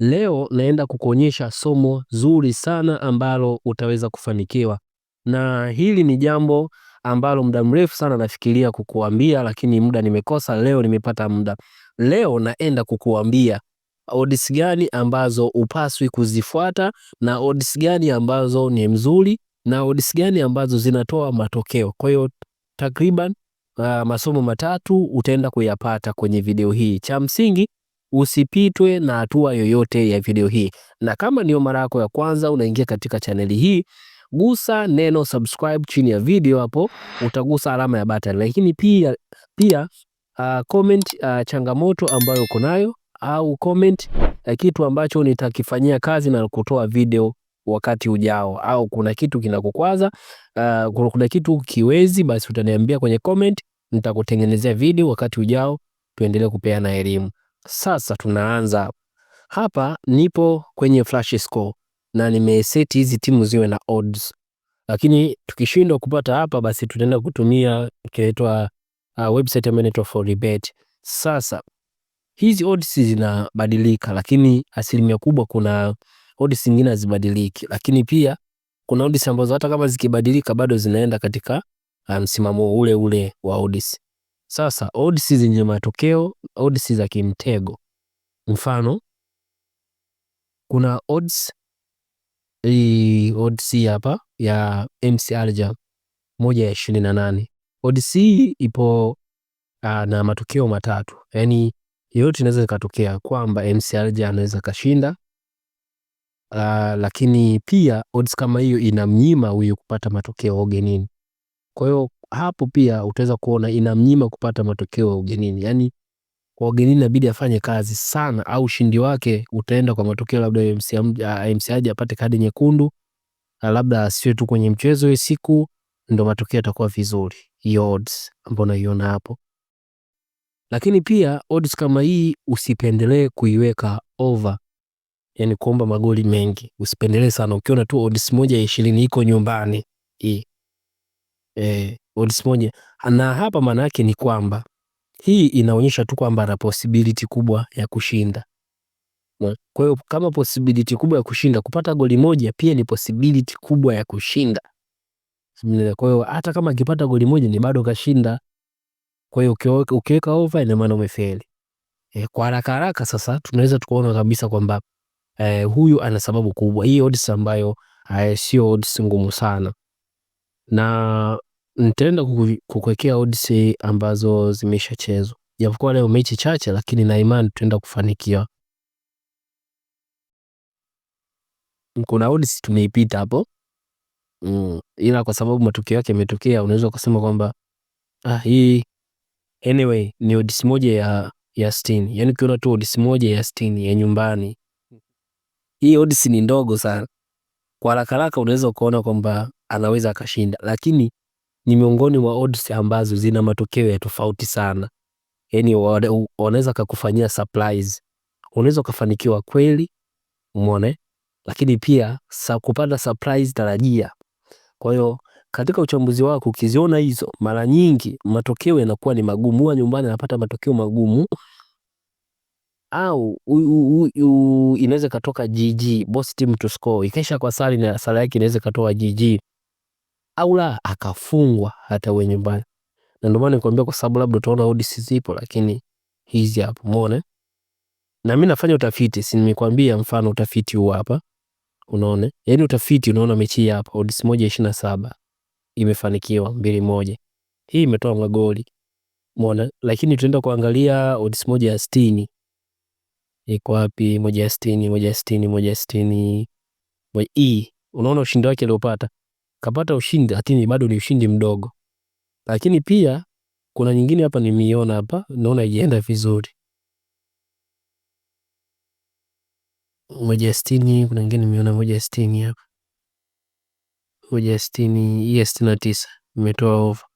Leo naenda kukuonyesha somo zuri sana ambalo utaweza kufanikiwa, na hili ni jambo ambalo muda mrefu sana nafikiria kukuambia, lakini muda nimekosa. Leo nimepata muda. Leo naenda kukuambia odds gani ambazo upaswi kuzifuata na odds gani ambazo ni mzuri na odds gani ambazo zinatoa matokeo. Kwa hiyo takriban uh, masomo matatu utaenda kuyapata kwenye video hii. Cha msingi Usipitwe na hatua yoyote ya video hii, na kama ndio mara yako ya kwanza unaingia katika chaneli hii, gusa neno subscribe chini ya video hapo, utagusa alama ya button, lakini pia pia uh, comment uh, changamoto ambayo uko nayo au comment uh, kitu ambacho nitakifanyia kazi na kutoa video wakati ujao, au kuna kitu kinakukwaza uh, kuna kitu kiwezi, basi utaniambia kwenye comment, nitakutengenezea video wakati ujao, tuendelee kupeana elimu. Sasa tunaanza hapa, nipo kwenye Flash Score na nimeset hizi timu ziwe na odds, lakini tukishindwa kupata hapa, basi tunaenda kutumia kinaitwa uh, website ambayo inaitwa Foribet. Sasa hizi odds zinabadilika, lakini asilimia kubwa kuna odds nyingine hazibadiliki, lakini pia kuna odds ambazo hata kama zikibadilika bado zinaenda katika uh, msimamo um, ule ule wa odds. Sasa odds zenye matokeo, odds za kimtego. Mfano kuna odds hii, odds hii hapa ya MC Alger moja ya ishirini na nane. Odds hii ipo aa, ah, na matokeo matatu, yaani yoyote inaweza ikatokea kwamba MC Alger anaweza kashinda. Uh, lakini pia odds kama hiyo inamnyima huyu kupata matokeo ugenini. Kwa hiyo hapo pia utaweza kuona inamnyima kupata matokeo ya ugenini. Yani kwa ugenini inabidi afanye kazi sana, au ushindi wake utaenda kwa matokeo labda MC aje apate kadi nyekundu, labda asiwe tu kwenye mchezo hiyo siku, ndo matokeo yatakuwa vizuri. Hiyo odds ambayo unaiona hapo. Lakini pia odds kama hii usipendelee kuiweka over, yani kuomba magoli mengi usipendelee sana. Ukiona tu odds moja ya ishirini iko nyumbani hii eh, odds moja. Na hapa maana yake ni kwamba hii inaonyesha tu kwamba ana possibility kubwa ya kushinda. Kwa hiyo kama possibility kubwa ya kushinda, kupata goli moja pia ni possibility kubwa ya kushinda. Kwa hiyo hata kama akipata goli moja ni bado kashinda. Kwa hiyo ukiweka over ina maana umefeli. E, kwa haraka haraka sasa tunaweza tukaona kabisa kwamba eh, huyu ana sababu kubwa. Hii odds ambayo eh, sio odds ngumu sana na nitaenda kukuwekea odds ambazo zimeshachezwa, japokuwa leo mechi chache, lakini na imani tutaenda kufanikiwa. Kuna odds tumeipita hapo mm, ila kwa sababu matukio yake yametokea, unaweza kusema kwamba ah, hii anyway ni odds moja ya ya 60 yani, ukiona tu odds moja ya 60 ya nyumbani, hii odds ni ndogo sana. Kwa haraka haraka unaweza ukaona kwamba anaweza akashinda, lakini ni miongoni mwa odds ambazo zina matokeo ya tofauti sana. Yani wanaweza kukufanyia surprise, unaweza kufanikiwa kweli, umeona, lakini pia sa kupata surprise tarajia. Kwa hiyo katika uchambuzi wako ukiziona hizo, mara nyingi matokeo yanakuwa ni magumu, huwa nyumbani anapata matokeo magumu au inaweza katoka GG, boss team to score, ikaisha kwa sare na sare yake inaweza katoa GG au la akafungwa hata uwe nyumbani. Na ndio maana nikwambia, kwa sababu labda utaona odds zipo, lakini hizi hapo, umeona. Na mimi nafanya utafiti, si nimekwambia, mfano utafiti huu hapa, unaona. Yani utafiti unaona, mechi hapa odds moja ishirini na saba imefanikiwa mbili moja, hii imetoa magoli umeona. Lakini tutaenda kuangalia odds moja ya sitini iko wapi? Moja ya sitini moja ya sitini moja ya sitini hii, unaona ushindi wake aliopata kapata ushindi, lakini bado ni ushindi mdogo. Lakini pia kuna nyingine hapa nimeiona hapa, naona ijaenda vizuri moja sitini. Kuna nyingine nimeona moja sitini hapa, moja sitini, hiyo sitini na tisa imetoa ova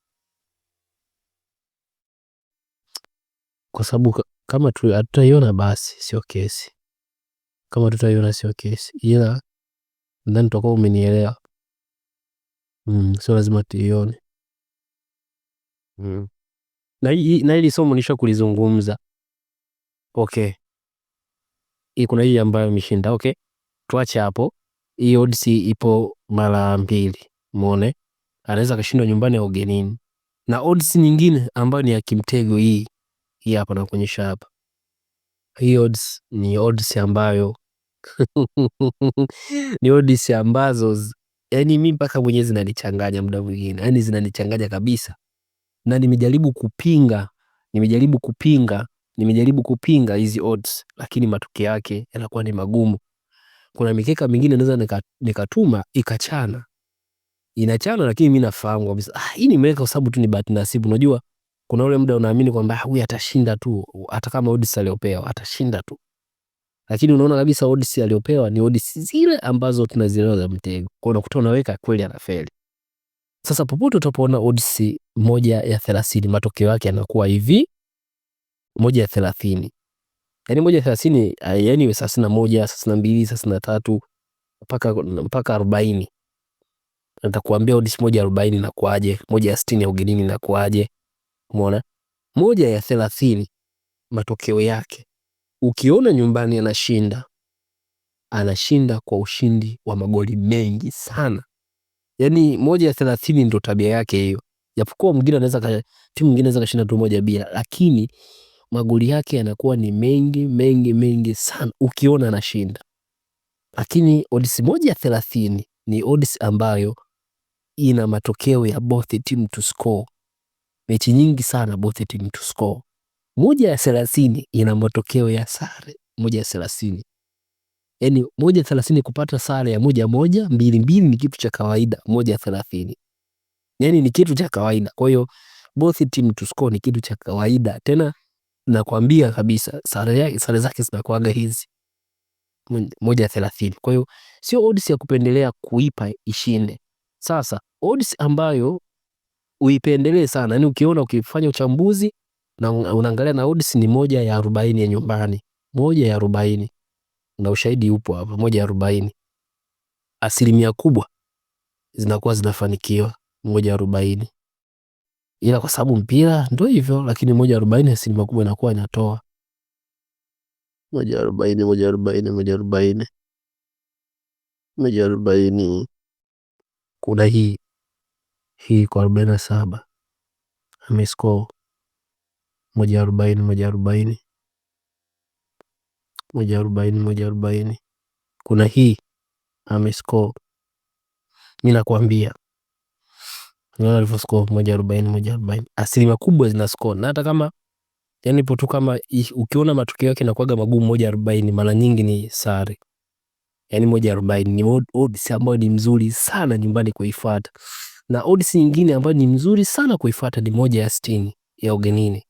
kwa sababu kama hatutaiona basi sio kesi, kama tutaiona sio kesi, ila nadhani utakuwa umenielewa. Mm, sio lazima tuione mm. Na na hili somo nisha kulizungumza. Okay, i kuna hii ambayo imeshinda. Okay, tuache hapo. Hii odds ipo mara mbili, muone anaweza akashindwa nyumbani au ugenini, na odds nyingine ambayo ni ya kimtego. Hii hii hapa nakuonyesha hapa, hii odds ni odds ambayo ni odds ambazo yani mi mpaka mwenyewe zinanichanganya muda mwingine, yani zinanichanganya kabisa, na nimejaribu kupinga, nimejaribu kupinga, nimejaribu kupinga hizi odds, lakini matokeo yake yanakuwa ni magumu. Kuna mikeka mingine naweza nikatuma ikachana, inachana, lakini mi nafahamu kabisa ah, hii nimeweka kwa sababu tu ni bahati nasibu. Unajua kuna ule muda unaamini kwamba ah, huyu atashinda tu, hata kama odds aliopewa atashinda tu lakini unaona kabisa odds aliyopewa ni odds zile ambazo tunazielewa za mtego. Kwa hiyo unakuta unaweka kweli anafeli. Sasa popote utapoona odds moja ya thelathini, matokeo yake yanakuwa hivi, moja ya thelathini. yani moja ya thelathini eh, yani iwe 31, 32, 33 mpaka mpaka arobaini. Nitakuambia odds moja ya arobaini inakuaje, moja ya 60 ya ugenini inakuaje. Umeona? Moja ya thelathini matokeo yake ukiona nyumbani anashinda, anashinda kwa ushindi wa magoli mengi sana, yaani moja ya thelathini ndo tabia yake hiyo. Japokuwa mwingine anaweza timu nyingine anaweza kashinda tu moja bila, lakini magoli yake yanakuwa ni mengi mengi mengi sana, ukiona anashinda. Lakini odds moja ya thelathini ni odds ambayo ina matokeo ya both team to score. Mechi nyingi sana both team to score moja ya thelathini ina matokeo ya sare moja ya thelathini yani moja ya thelathini kupata sare ya moja moja mbili mbili ni kitu cha kawaida. Moja ya thelathini yani ni kitu cha kawaida. Kwa hiyo both team to score ni kitu cha kawaida, tena nakwambia kabisa sare yake sare zake zinakuaga hizi moja ya thelathini. Kwa hiyo sio odds ya kupendelea kuipa ishinde. Sasa odds ambayo uipendelee sana, yani ukiona ukifanya uchambuzi na unaangalia na odds ni moja ya arobaini ya nyumbani, moja ya arobaini na ushahidi upo hapa, moja ya arobaini asilimia kubwa zinakuwa zinafanikiwa moja ya arobaini, ila kwa sababu mpira ndio hivyo, lakini moja ya arobaini asilimia kubwa inakuwa inatoa moja ya arobaini, moja ya arobaini, moja ya arobaini, moja ya arobaini. Kuna hii hii kwa arobaini na saba amescore moja arobaini moja arobaini moja arobaini moja arobaini kuna hii amescore, mi nakwambia niona moja arobaini moja arobaini asilimia kubwa zina score, na hata kama yani ipo tu kama ukiona matokeo yake inakuwaga magumu, moja arobaini mara nyingi ni sare yani moja arobaini ni odds ambayo ni mzuri sana nyumbani kuifuata, na odds nyingine ambayo ni mzuri sana kuifuata ni moja ya sitini ya ugenini.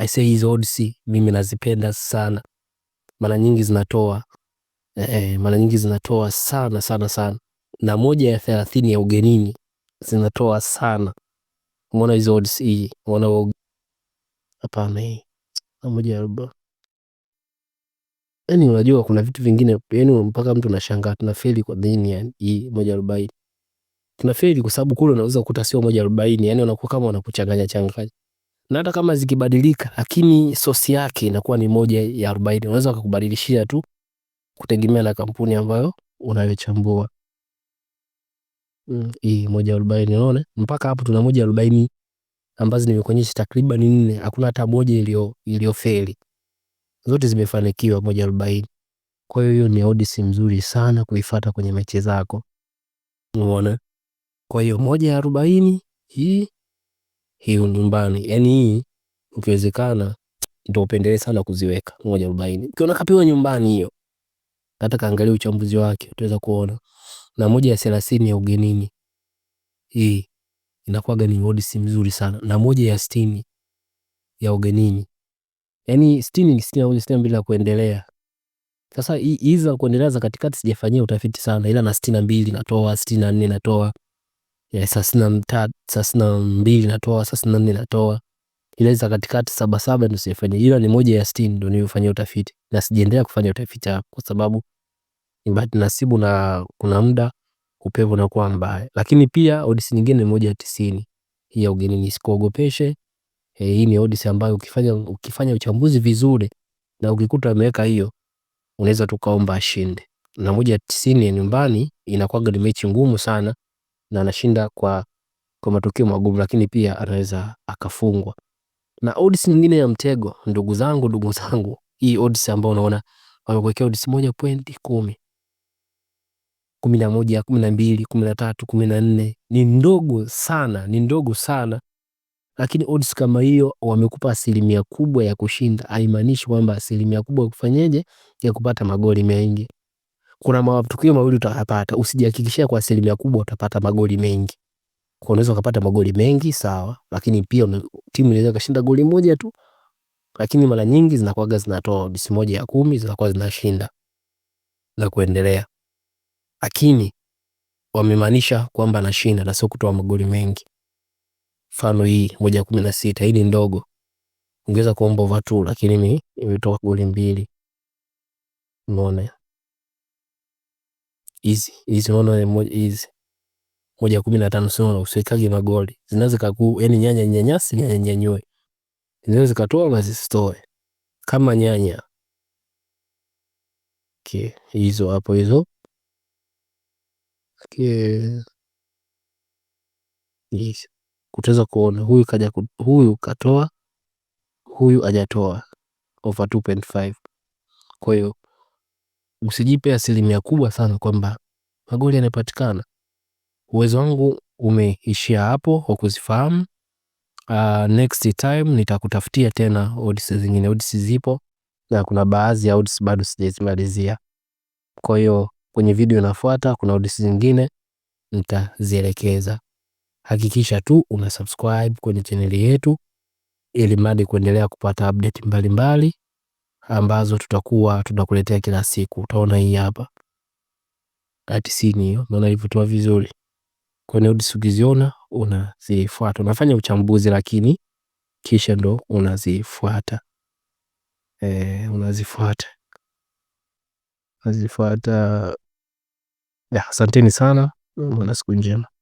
I say hizo odds mimi nazipenda sana, mara nyingi zinatoa eh, eh, mara nyingi zinatoa sana sana sana, na moja ya thelathini ya ugenini zinatoa sana. Umeona hizo odds hii, umeona hapana, hii na moja ya arobaini Yaani unajua kuna vitu vingine yani mpaka mtu anashangaa tunafeli kwa nini yani hii moja arobaini tunafeli kwa sababu kule unaweza kukuta sio moja arobaini yani unakuwa kama unakuchanganya changanya na hata kama zikibadilika, lakini sosi yake inakuwa ni moja ya arobaini. Unaweza kukubadilishia tu kutegemea na kampuni ambayo unayochambua. Mm, hii Mm, moja arobaini. Unaona, mpaka hapo tuna moja arobaini ambazo nimekuonyesha takriban nne, hakuna hata moja iliyo iliyofeli, zote zimefanikiwa moja arobaini. Kwa hiyo hiyo ni odds mzuri sana kuifuata kwenye mechi zako, umeona. Kwa hiyo moja ya arobaini hii hiyo nyumbani. Yani hii ukiwezekana ndio upendelee sana kuziweka moja arobaini. Ukiona kapewa nyumbani hiyo, hata kaangalia uchambuzi wake utaweza kuona. Na moja ya thelathini ya ugenini hii inakuwaga ni odds mzuri sana, na moja ya sitini ya ugenini, yani sitini ni sitini na moja, sitini na mbili na kuendelea. Sasa hizi za kuendelea za katikati sijafanyia utafiti sana, ila na sitini na mbili natoa, sitini na nne natoa ya thelathini na mbili natoa, thelathini na nne natoa, ila za katikati sabasaba saba ila ni moja ya sitini ndio nilifanyia utafiti na sijaendelea kufanya utafiti kwa sababu ni bahati nasibu na kuna muda upepo unakuwa mbaya, lakini pia odisi nyingine ni moja ya tisini hii ya ugenini. E, hii ni odisi ambayo ukifanya, ukifanya uchambuzi vizuri na ukikuta ameweka hiyo unaweza tukaomba ashinde. Na moja ya tisini ya nyumbani inakuwaga ni mechi ngumu sana na anashinda kwa, kwa matokeo magumu, lakini pia anaweza akafungwa. Na odds nyingine ya mtego, ndugu zangu, ndugu zangu, hii odds ambayo unaona wamekuwekea odds moja pointi kumi kumi na moja kumi na mbili kumi na tatu kumi na nne ni ndogo sana, ni ndogo sana lakini odds kama hiyo wamekupa asilimia kubwa ya kushinda, haimaanishi kwamba asilimia kubwa ya kufanyeje ya kupata magoli mengi kuna matukio mawili utayapata, usijihakikishia kwa asilimia kubwa utapata magoli mengi. Kwa unaweza ukapata magoli mengi sawa, lakini pia timu inaweza kashinda goli moja tu, lakini mara nyingi zinakuwaga zinatoa odds moja ya kumi zinakuwa zinashinda na kuendelea, lakini wamemaanisha kwamba anashinda na sio kutoa magoli mengi. Mfano hii moja kumi na sita hii ni ndogo, ungeweza kuomba over lakini imetoka goli mbili. Umeona? hizi hizi unaona hizi moja kumi na tano sio usiwekage magoli zinaweza kaku yani nyanya nyanyasi nyanya nyanyue zinaweza katoa na zisitoe kama nyanya okay hizo hapo hizo okay yes kutaweza kuona huyu kaja huyu katoa huyu hajatoa over 2.5 kwa hiyo usijipe asilimia kubwa sana kwamba magoli yanapatikana. Uwezo wangu umeishia hapo wa kuzifahamu. Uh, next time nitakutafutia tena odds zingine. Odds zipo na kuna baadhi ya odds bado sijazimalizia, kwa hiyo kwenye video inafuata kuna odds zingine nitazielekeza. Hakikisha tu una subscribe kwenye channel yetu ili mradi kuendelea kupata update mbalimbali mbali ambazo tutakuwa tunakuletea kila siku. Utaona hii hapa at sini hiyo, unaona ilivyotoa vizuri. Kwa hiyo nodes ukiziona unazifuata, unafanya uchambuzi lakini kisha ndo unazifuata e, unazifuata unazifuata. Asanteni sana, mwana siku njema.